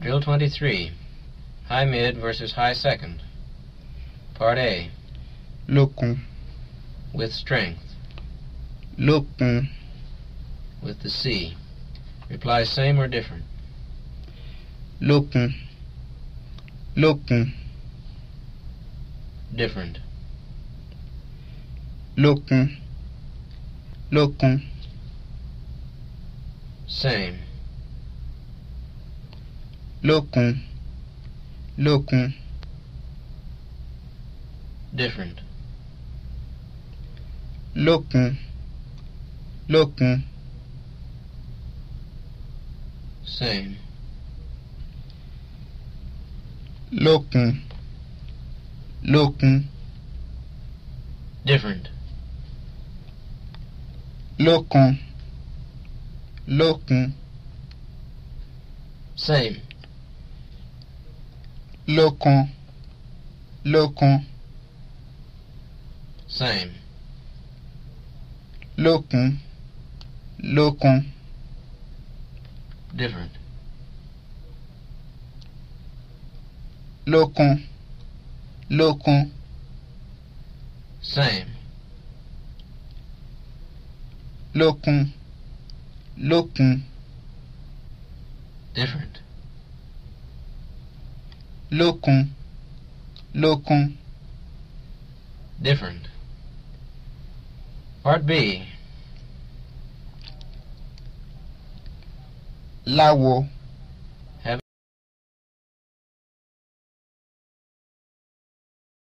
Drill 23. High mid versus high second. Part A. Locum. With strength. Locum. With the C. Reply same or different. Locum. Locum. Different. Locum. Locum. Same lókun lókun. different. lókun lókun. same. lókun lókun. different. lókun lókun. same. lókun lókun. same. lókun lókun. different. lókun lókun. same. lókun lókun. different lókun lókun. Different. Part B. láwo.